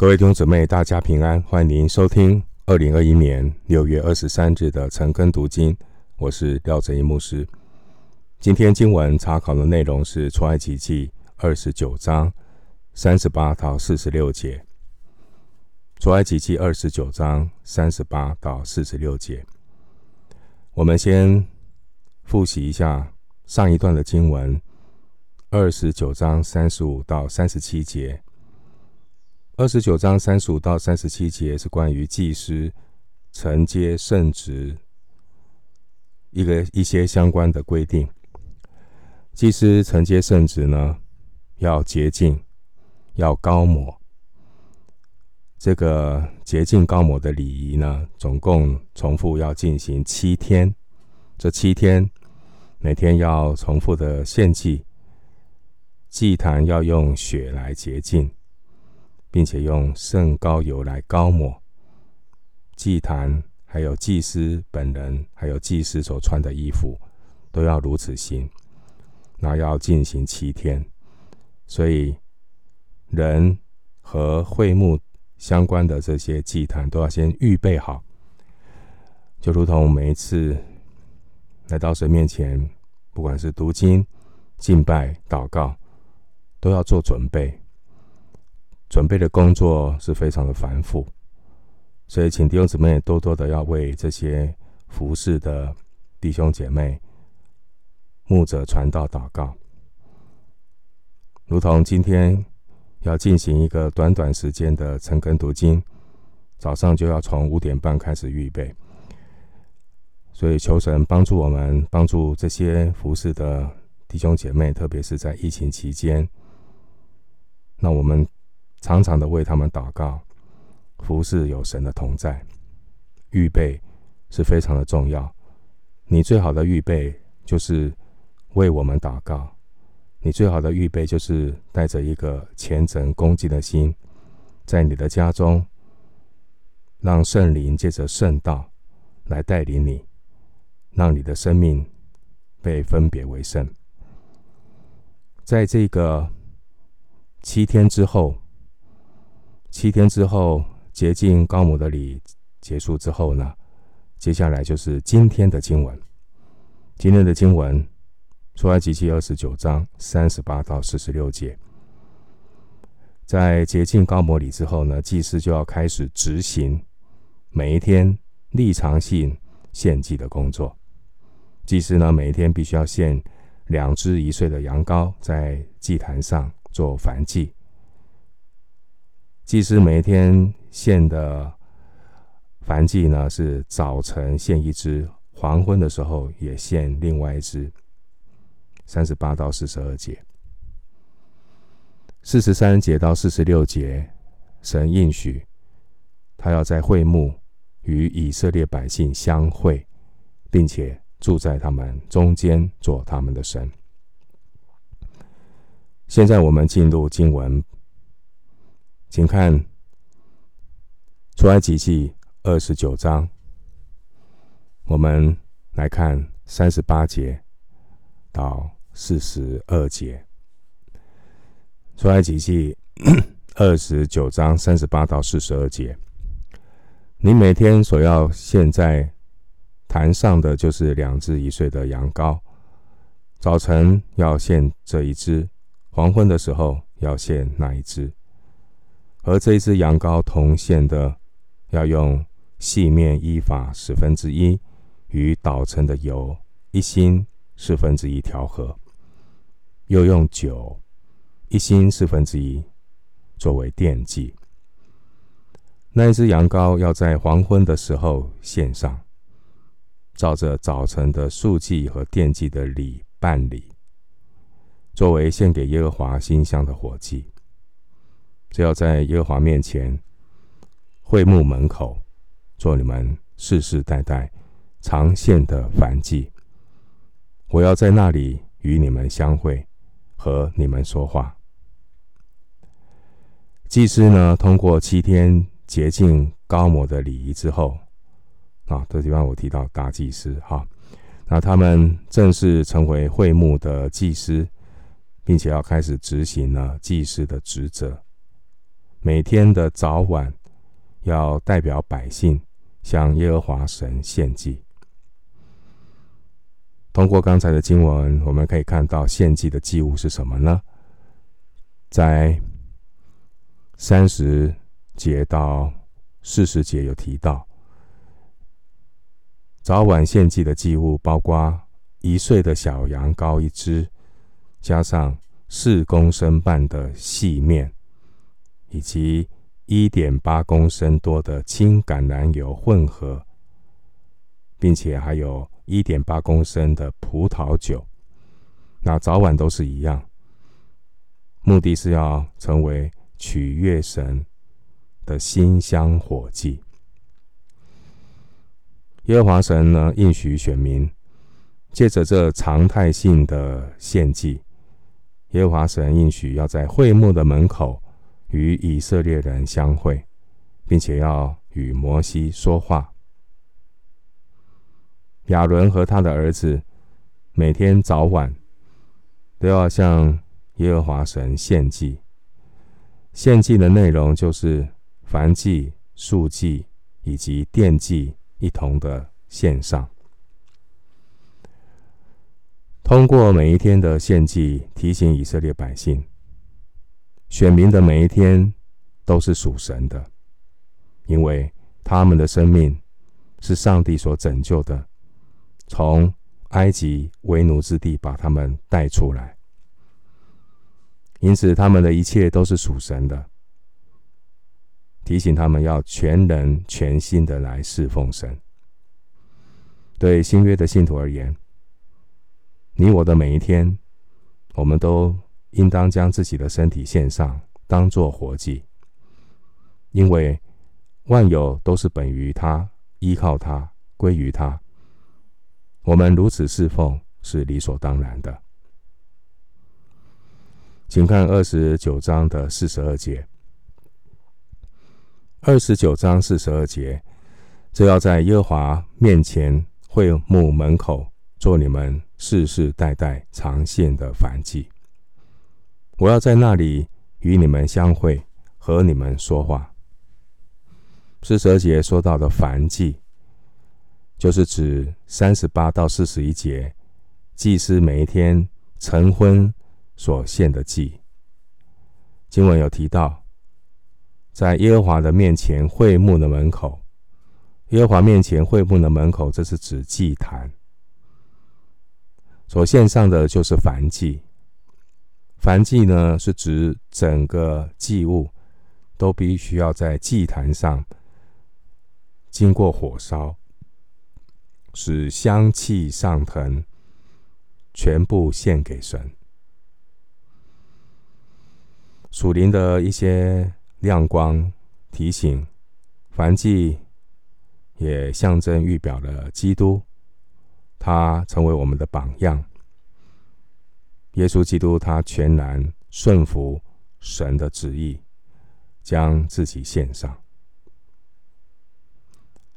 各位弟兄姊妹，大家平安，歡迎您收聽二零二一年六月二十三日的晨更讀經。我是廖正義牧師。今天經文查考的內容是《出埃及記》二十九章三十八到四十六節，《出埃及記》二十九章三十八到四十六節。我們先複習一下上一段的經文，二十九章三十五到三十七節。二十九章三十五到三十七節是關於祭司承接聖職一個一些相關的規定。祭司承接聖職呢，要潔淨，要膏抹。這個潔淨膏抹的禮儀呢，總共重複要進行七天。這七天，每天要重複的獻祭，祭壇要用血來潔淨。並且用聖膏油來膏抹祭壇，還有祭司本人，還有祭司所穿的衣服，都要如此行，那要進行七天，所以人和會幕相關的這些祭壇都要先預備好。就如同每一次來到神面前，不管是讀經、敬拜、禱告，都要做準備。準備的工作是非常的繁複，所以請弟兄姊妹多多的要為這些服侍的弟兄姐妹、牧者、傳道禱告。如同今天要進行一個短短時間的晨更讀經，早上就要從五點半開始預備，所以求神幫助我們，幫助這些服侍的弟兄姐妹，特別是在疫情期間，那我們。常常的為他們禱告，服侍有神的同在，預備是非常的重要。你最好的預備就是為我們禱告，你最好的預備就是帶着一個虔誠恭敬的心，在你的家中，讓聖靈借着聖道來帶領你，讓你的生命被分別為聖。在這個七天之後。七天之後，潔淨膏抹的禮結束之後呢，接下來就是今天的經文。今天的經文，出埃及記二十九章三十八到四十六節。在潔淨膏抹禮之後呢，祭司就要開始執行每一天例行性獻祭的工作。祭司呢，每一天必須要獻兩隻一歲的羊羔在祭壇上做燔祭。祭司每天獻的燔祭呢，是早晨獻一隻，黃昏的時候也獻另外一隻。三十八到四十二節，四十三節到四十六節，神應許他要在會幕與以色列百姓相會，並且住在他們中間，做他們的神。現在我們進入經文。請看《出埃及記》二十九章，我們來看三十八節到四十二節，《出埃及記》二十九章三十八到四十二節。你每天所要獻在壇上的就是兩隻一歲的羊羔，早晨要獻這一隻，黃昏的時候要獻那一隻。和這一隻羊羔同獻的，要用細麵伊法十分之一，與搗成的油一欣四分之一調和，又用酒一欣四分之一作為奠祭。那一隻羊羔要在黃昏的時候獻上，照着早晨的素祭和奠祭的禮辦理，作為獻給耶和華馨香的火祭。只要在耶和華面前、會幕門口，做你們世世代代常獻的燔祭，我要在那裡與你們相會，和你們說話。祭司呢，通過七天潔淨膏抹的禮儀之後，啊，這地方我提到大祭司哈，啊，那他們正式成為會幕的祭司，並且要開始執行呢祭司的職責。每天的早晚，要代表百姓向耶和華神獻祭。通過剛才的經文，我們可以看到獻祭的祭物是什麼呢？在三十節到四十節有提到，早晚獻祭的祭物包括一歲的小羊羔一隻，加上四公升半的細麵。以及一點八公升多的清橄欖油混合，並且還有一點八公升的葡萄酒，那早晚都是一樣。目的是要成為取悅神的馨香火祭。耶和華神呢，應許選民，借着這常態性的獻祭，耶和華神應許要在會幕的門口。與以色列人相會，並且要與摩西說話。亞倫和他的兒子每天早晚都要向耶和華神獻祭，獻祭的內容就是燔祭、素祭以及奠祭一同的獻上。通過每一天的獻祭，提醒以色列百姓。選民的每一天都是屬神的，因為他們的生命是上帝所拯救的，從埃及為奴之地把他們帶出來，因此他們的一切都是屬神的。提醒他們要全人全心的來侍奉神。對新約的信徒而言，你我的每一天，我們都。應當將自己的身體獻上，當做活祭，因為萬有都是本於他，依靠他，歸於他。我們如此侍奉是理所當然的。請看二十九章的四十二節。二十九章四十二節，這要在耶和華面前會幕門口做你們世世代代常獻的燔祭。我要在那裡與你們相會，和你們說話。四十二節說到的燔祭，就是指三十八到四十一節，祭司每一天晨昏所獻的祭。經文有提到，在耶和華的面前會幕的門口，耶和華面前會幕的門口，這是指祭壇，所獻上的就是燔祭。燔祭呢，是指整個祭物都必須要在祭壇上經過火燒，使香氣上騰，全部獻給神。屬靈的一些亮光提醒，燔祭也象徵預表了基督，他成為我們的榜樣。耶穌基督他全然順服神的旨意，將自己獻上。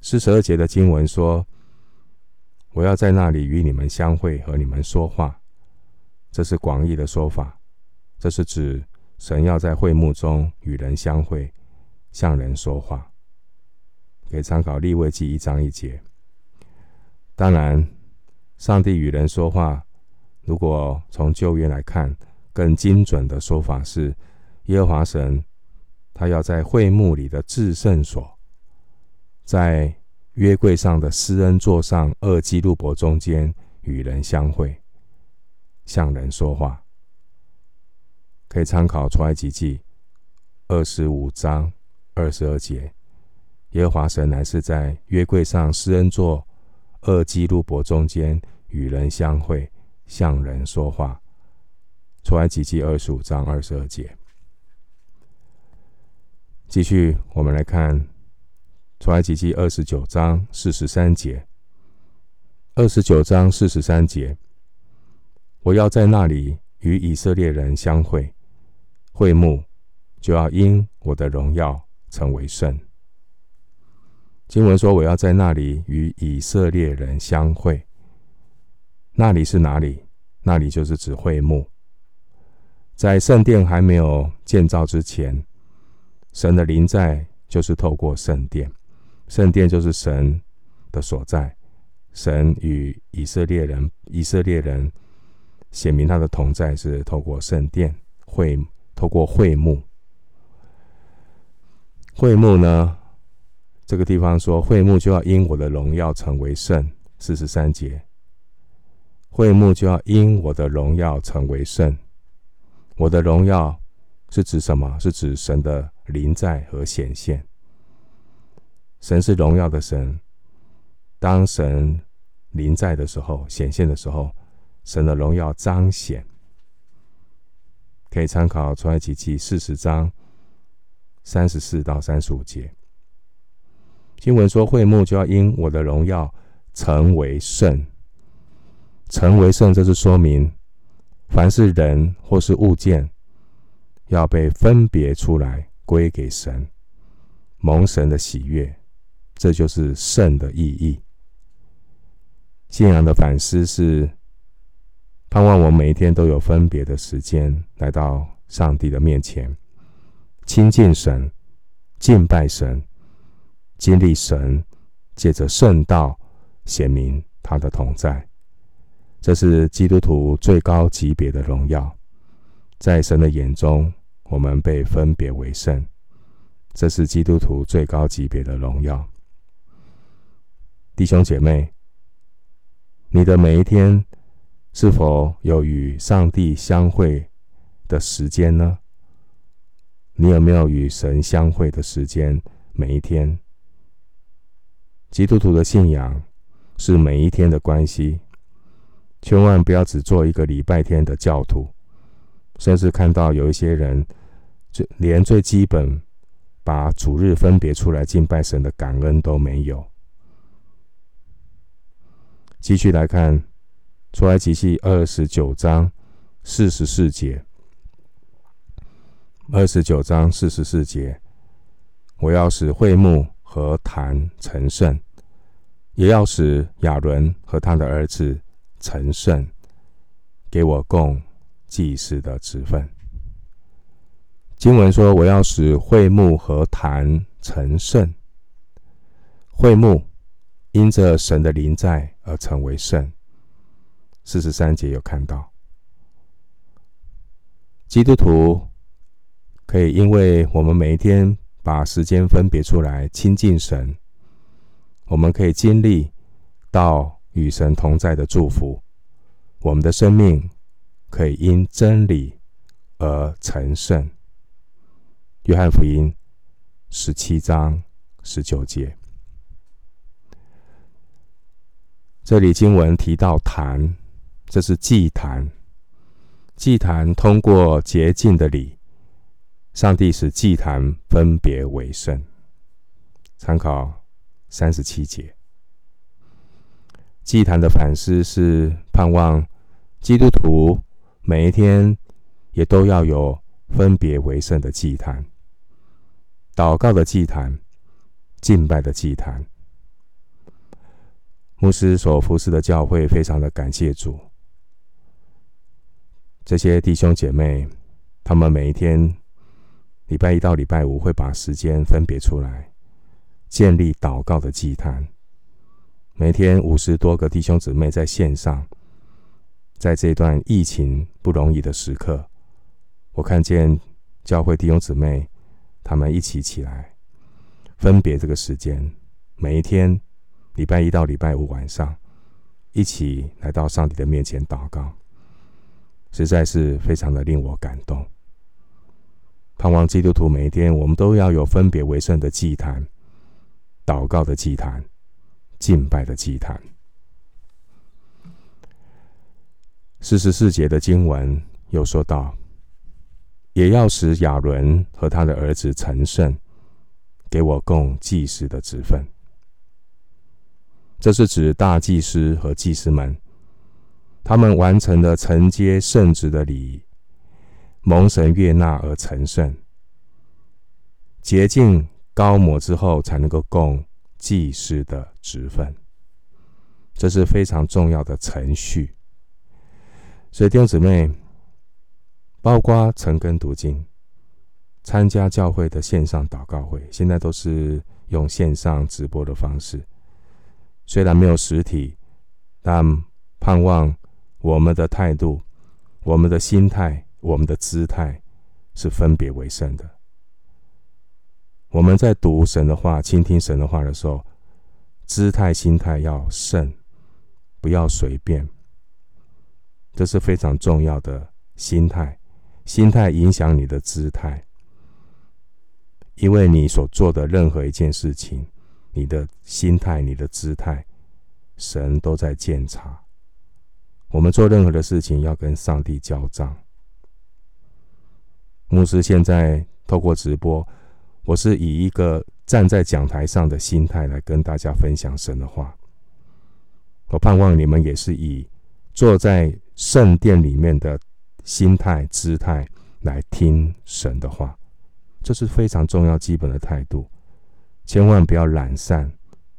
四十二節的經文說：“我要在那裡與你們相會，和你們說話。”這是廣義的說法，這是指神要在會幕中與人相會，向人說話。可以參考利未記一章一節。當然，上帝與人說話。如果從舊約來看，更精準的說法是，耶和華神他要在會幕裡的至聖所，在約櫃上的施恩座上，二基路伯中間與人相會，向人說話。可以參考出埃及記二十五章二十二節，耶和華神乃是在約櫃上施恩座，二基路伯中間與人相會，向人說話，出埃及記二十五章二十二節。繼續，我們來看出埃及記二十九章四十三節。二十九章四十三節，我要在那裡與以色列人相會，會幕就要因我的榮耀成為聖。經文說，我要在那裡與以色列人相會。那裡是哪裡？那裡就是指會幕，在聖殿還沒有建造之前，神的臨在就是透過聖殿，聖殿就是神的所在，神與以色列人，以色列人顯明他的同在是透過聖殿、會，透過會幕，會幕呢，這個地方說會幕就要因我的榮耀成為聖，四十三節。會幕就要因我的榮耀成為聖。我的榮耀是指什麼？是指神的臨在和顯現。神是榮耀的神，當神臨在的時候、顯現的時候，神的榮耀彰顯。可以參考出埃及記四十章三十四到三十五節。經文說：“會幕就要因我的榮耀成為聖。”成為聖，這是說明，凡是人或是物件，要被分別出來歸給神，蒙神的喜悅，這就是聖的意義。信仰的反思是，盼望我每一天都有分別的時間，來到上帝的面前，親近神、敬拜神、經歷神，借着聖道顯明他的同在。這是基督徒最高級別的榮耀，在神的眼中，我們被分別為聖。這是基督徒最高級別的榮耀。弟兄姐妹，你的每一天是否有與上帝相會的時間呢？你有沒有與神相會的時間每一天？基督徒的信仰是每一天的關係。千萬不要只做一個禮拜天的教徒，甚至看到有一些人，連最基本把主日分別出來敬拜神的感恩都沒有。繼續來看出埃及記二十九章四十四節。二十九章四十四節，我要使會幕和壇成聖，也要使亞倫和他的兒子。成聖，給我供祭司的職分。經文說：“我要使會幕和壇成聖。”會幕因着神的臨在而成為聖。四十三節有看到，基督徒可以因為我們每一天把時間分別出來親近神，我們可以經歷到。與神同在的祝福，我們的生命可以因真理而成聖。約翰福音十七章十九節，這裡經文提到壇，這是祭壇。祭壇通過潔淨的禮，上帝使祭壇分別為聖。參考三十七節。祭壇的反思，是盼望基督徒每一天也都要有分別為聖的祭壇、禱告的祭壇、敬拜的祭壇。牧師所服侍的教會非常的感謝主，這些弟兄姐妹，他們每一天禮拜一到禮拜五會把時間分別出來，建立禱告的祭壇。每天五十多個弟兄姊妹在線上，在這段疫情不容易的時刻，我看見教會弟兄姊妹他們一起起來分別這個時間，每一天禮拜一到禮拜五晚上一起來到上帝的面前禱告，實在是非常的令我感動。盼望基督徒每一天我們都要有分別為聖的祭壇，禱告的祭壇。敬拜的祭壇。四十四節的經文又說道：“也要使亞倫和他的兒子成聖，給我供祭司的職分。”這是指大祭司和祭司們，他們完成了承接聖職的禮儀，蒙神悅納而成聖，潔淨膏抹之後才能夠供。祭司的職分，這是非常重要的程序。所以弟兄姊妹，包括、晨更讀經、參加教會的線上禱告會，現在都是用線上直播的方式。雖然沒有實體，但盼望我們的態度、我們的心態、我們的姿態，是分別為聖的。我們在讀神的話、傾聽神的話的時候，姿態、心態要慎，不要隨便。這是非常重要的心態。心態影響你的姿態，因為你所做的任何一件事情，你的心態、你的姿態，神都在檢查。我們做任何的事情，要跟上帝交賬。牧師現在透過直播。我是以一個站在講台上的心態來跟大家分享神的話，我盼望你們也是以坐在聖殿裡面的心態、姿態來聽神的話，這是非常重要、基本的態度。千萬不要懶散，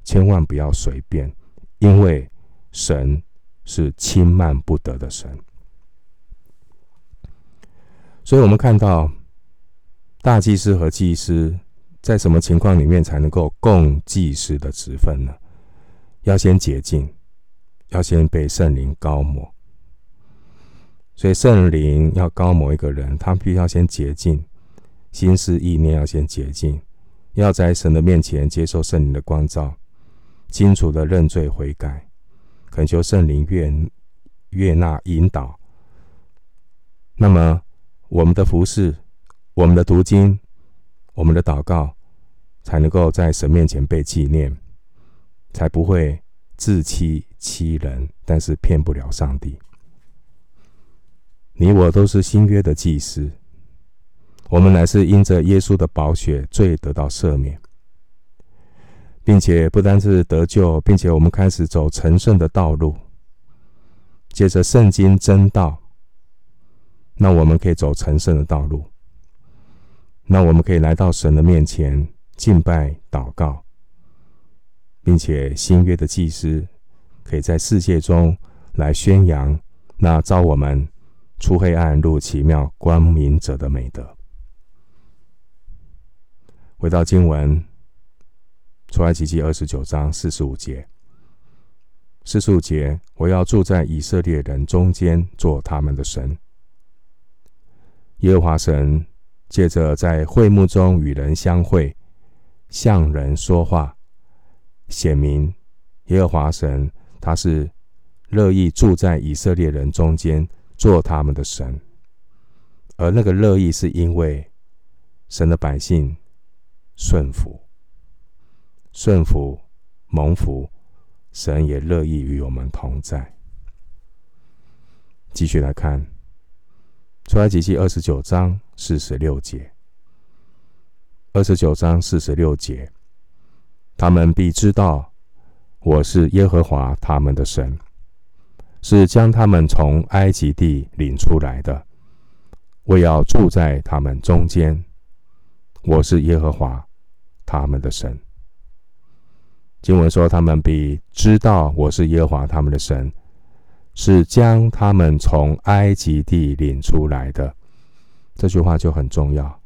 千萬不要隨便，因為神是輕慢不得的神。所以，我們看到。大祭司和祭司在什麼情況裡面才能夠供祭司的職分呢？要先潔淨，要先被聖靈膏抹。所以聖靈要膏抹一個人，他必須要先潔淨，心思意念要先潔淨，要在神的面前接受聖靈的光照，清楚的認罪悔改，懇求聖靈願悅納引導。那麼我們的服事。我們的讀經，我們的禱告，才能夠在神面前被紀念，才不會自欺欺人，但是騙不了上帝。你我都是新約的祭司，我們乃是因着耶穌的寶血，罪得到赦免，並且不單是得救，並且我們開始走成聖的道路，借着聖經真道，那我們可以走成聖的道路。那我們可以來到神的面前敬拜禱告，並且新約的祭司可以在世界中來宣揚那召我們出黑暗入奇妙光明者的美德。回到經文，出埃及記二十九章四十五節，四十五節，我要住在以色列人中間，做他們的神，耶和華神。借著在會幕中與人相會，向人說話，顯明耶和華神，他是樂意住在以色列人中間，做他們的神。而那個樂意是因為神的百姓順服、順服、蒙福，神也樂意與我們同在。繼續來看。出埃及記二十九章四十六節，二十九章四十六節，他們必知道我是耶和華他們的神，是將他們從埃及地領出來的，為要住在他們中間，我是耶和華他們的神。經文說，他們必知道我是耶和華他們的神。是將他們從埃及地領出來的，這句話就很重要。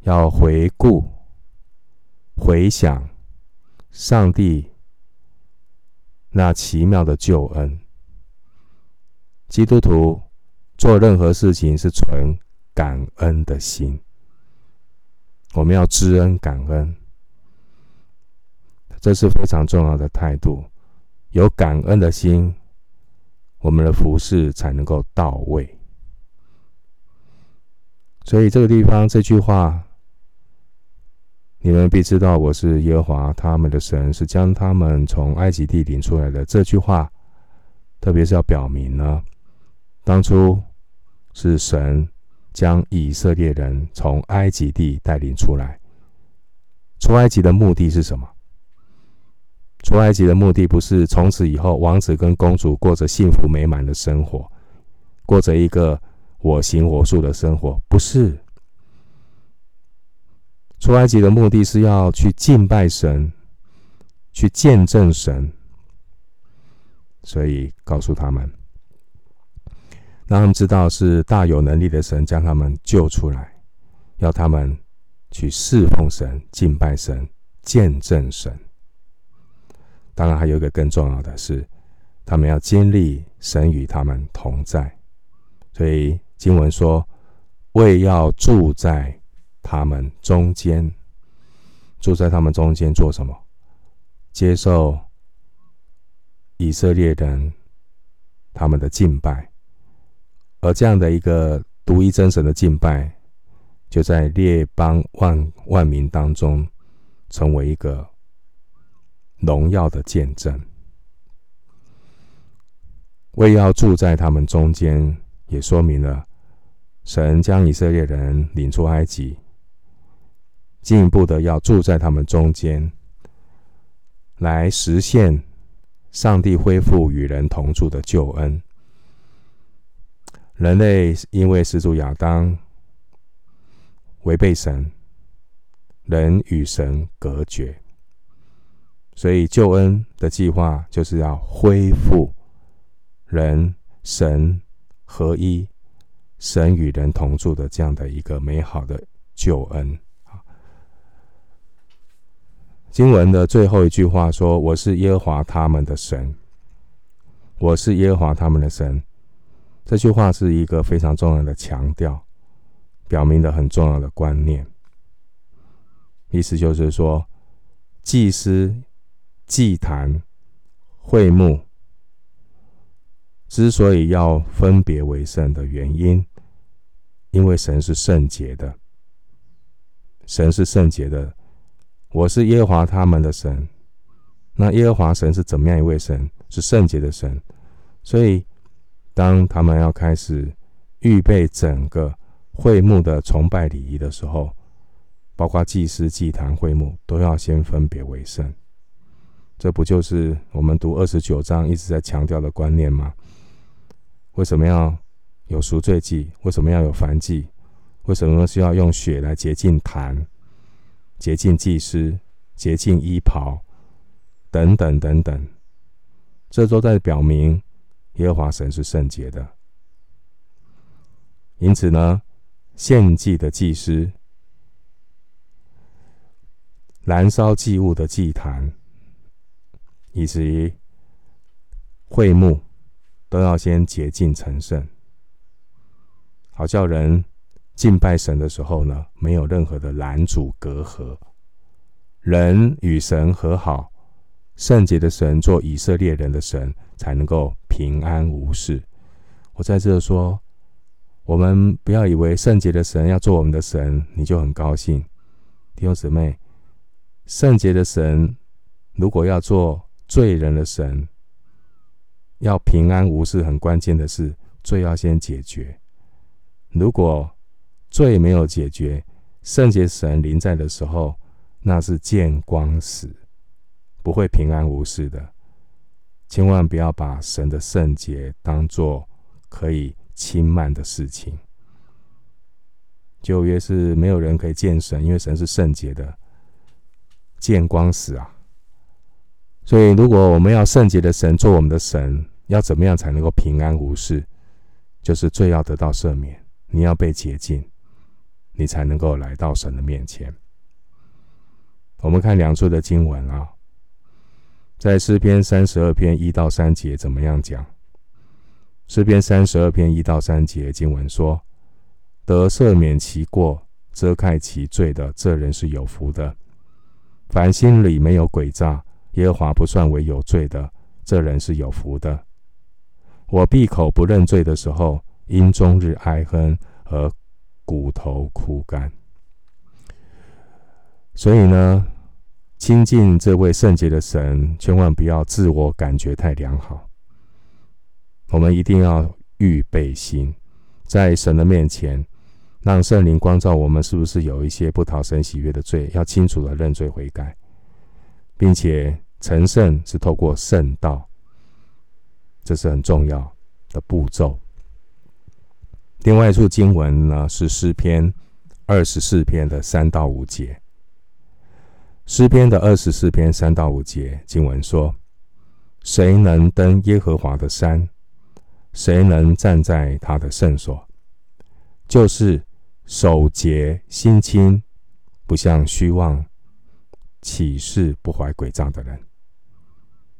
要回顧、回想上帝那奇妙的救恩。基督徒做任何事情是存感恩的心，我們要知恩感恩，這是非常重要的態度。有感恩的心。我們的服侍才能夠到位，所以這個地方這句話，你們必知道我是耶和華他們的神，是將他們從埃及地領出來的。這句話，特別是要表明呢，當初是神將以色列人從埃及地帶領出來，出埃及的目的是什麼？出埃及的目的不是從此以後王子跟公主過着幸福美滿的生活，過着一個我行我素的生活，不是。出埃及的目的是要去敬拜神，去見證神。所以告訴他們，讓他們知道是大有能力的神將他們救出來，要他們去侍奉神、敬拜神、見證神。當然，還有一個更重要的是，是他們要經歷神與他們同在。所以經文說，為要住在他們中間，住在他們中間做什麼？接受以色列人他們的敬拜。而這樣的一個獨一真神的敬拜，就在列邦萬萬民當中成為一個榮耀的見證，為要住在他們中間，也說明了神將以色列人領出埃及，進一步的要住在他們中間，來實現上帝恢復與人同住的救恩。人類因為始祖亞當違背神，人與神隔絕。所以救恩的計劃就是要恢復人神合一、神與人同住的這樣的一個美好的救恩。經文的最後一句話說：“我是耶和華他們的神，我是耶和華他們的神。”這句話是一個非常重要的強調，表明的很重要的觀念。意思就是說，祭司。祭壇、會幕之所以要分別為聖的原因，因為神是聖潔的，神是聖潔的。我是耶和華他們的神。那耶和華神是怎麼樣一位神？是聖潔的神。所以，當他們要開始預備整個會幕的崇拜禮儀的時候，包括祭司、祭壇、會幕，都要先分別為聖。這不就是我們讀二十九章一直在強調的觀念嗎？為什麼要有贖罪祭？為什麼要有燔祭？為什麼需要用血來潔淨壇、潔淨祭司、潔淨衣袍等等等等？這都在表明耶和華神是聖潔的。因此呢，獻祭的祭司燃燒祭物的祭壇，以及會幕都要先潔淨成聖，好叫人敬拜神的時候呢，沒有任何的攔阻隔閡，人與神和好，聖潔的神做以色列人的神，才能夠平安無事。我在這說，我們不要以為聖潔的神要做我們的神，你就很高興。弟兄姊妹，聖潔的神如果要做罪人的神，要平安無事，很關鍵的是罪要先解決。如果罪沒有解決，聖潔神臨在的時候，那是見光死，不會平安無事的。千萬不要把神的聖潔當做可以輕慢的事情。舊約是沒有人可以見神，因為神是聖潔的，見光死啊。所以，如果我們要聖潔的神做我們的神，要怎麼樣才能夠平安無事？就是罪要得到赦免，你要被潔淨，你才能夠來到神的面前。我們看兩處的經文啊，在詩篇三十二篇一到三節，怎麼樣講？詩篇三十二篇一到三節經文說：“得赦免其過，遮蓋其罪的，這人是有福的。凡心裡沒有詭詐。”耶和華不算為有罪的，這人是有福的。我閉口不認罪的時候，因終日唉哼而骨頭枯乾。所以呢，親近這位聖潔的神，千萬不要自我感覺太良好。我們一定要預備心，在神的面前，讓聖靈光照我們，是不是有一些不討神喜悅的罪，要清楚的認罪悔改，并且。成聖是透過聖道，這是很重要的步驟。另外一處經文呢是詩篇二十四篇的三到五節。詩篇的二十四篇三到五節經文說：“誰能登耶和華的山？誰能站在他的聖所？就是手潔心清，不向虛妄，起誓不懷詭詐的人。”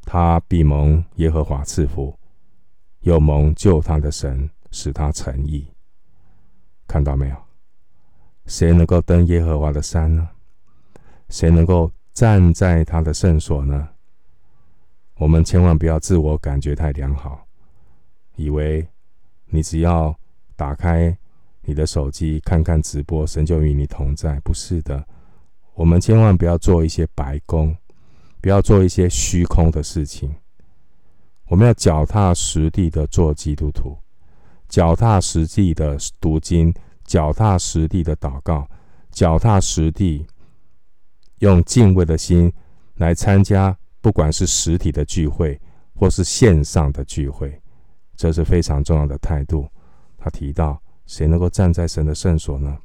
他必蒙耶和華賜福，又蒙救他的神使他成義。看到沒有？誰能夠登耶和華的山呢？誰能夠站在他的聖所呢？我們千萬不要自我感覺太良好，以為你只要打開你的手機看看直播，神就與你同在。不是的，我們千萬不要做一些白工。不要做一些虛空的事情。我們要腳踏實地的做基督徒，腳踏實地的讀經，腳踏實地的禱告，腳踏實地用敬畏的心來參加，不管是實體的聚會或是線上的聚會，這是非常重要的態度。他提到，誰能夠站在神的聖所呢？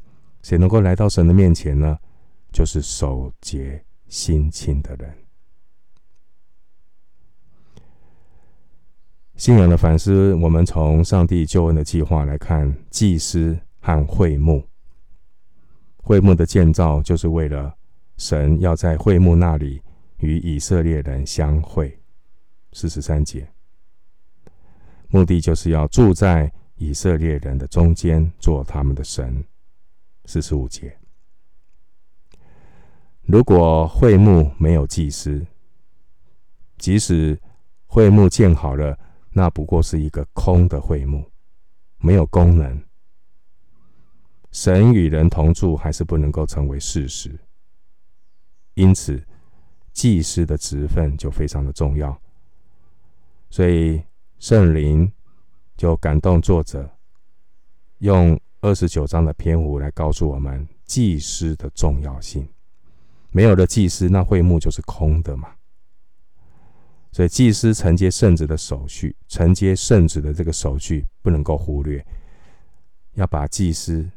誰能夠來到神的面前呢？就是手潔心清的人。信仰的反思，我們從上帝救恩的計劃來看，祭司和會幕，會幕的建造就是為了神要在會幕那裡與以色列人相會。四十三節，目的就是要住在以色列人的中間，做他們的神。四十五節，如果會幕沒有祭司，即使會幕建好了。那不過是一個空的會幕，沒有功能。神與人同住還是不能夠成為事實。因此，祭司的職分就非常的重要。所以聖靈就感動作者，用二十九章的篇幅來告訴我們祭司的重要性。沒有了祭司，那會幕就是空的嘛。所以，祭司承接聖職的手續，承接聖職的這個手續不能夠忽略，要把祭司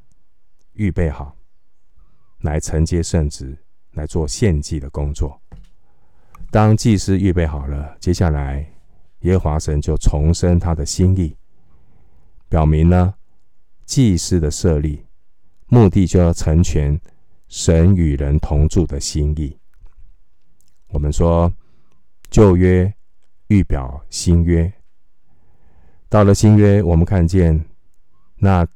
預備好，來承接聖職，來做獻祭的工作。當祭司預備好了，接下來耶和華神就重申他的心意，表明呢，祭司的設立目的，就要成全神與人同住的心意。我們說。舊約預表新約，到了新約，我們看見那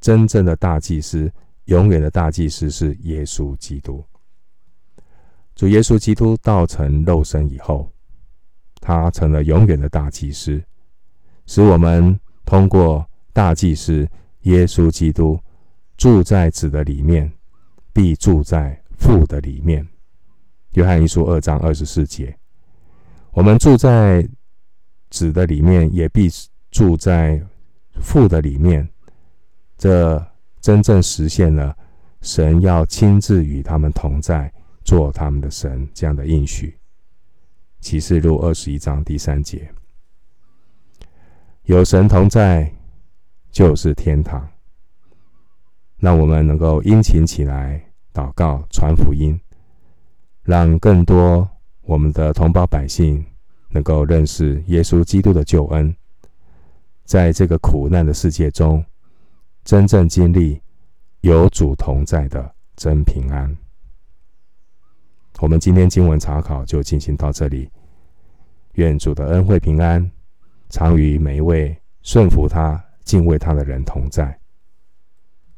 真正的大祭司，永遠的大祭司是耶穌基督。主耶穌基督道成肉身以後，他成了永遠的大祭司，使我們通過大祭司耶穌基督，住在子的裡面，必住在父的裡面。約翰一書二章二十四節。我們住在子的裡面，也必住在父的裡面。這真正實現了神要親自與他們同在，做他們的神這樣的應許。啟示錄二十一章第三節：有神同在，就是天堂。讓我們能夠殷勤起來，禱告，傳福音，讓更多。我們的同胞百姓能夠認識耶穌基督的救恩，在這個苦難的世界中，真正經歷有主同在的真平安。我們今天經文查考就進行到這裡，願主的恩惠平安，常與每一位順服他、敬畏他的人同在。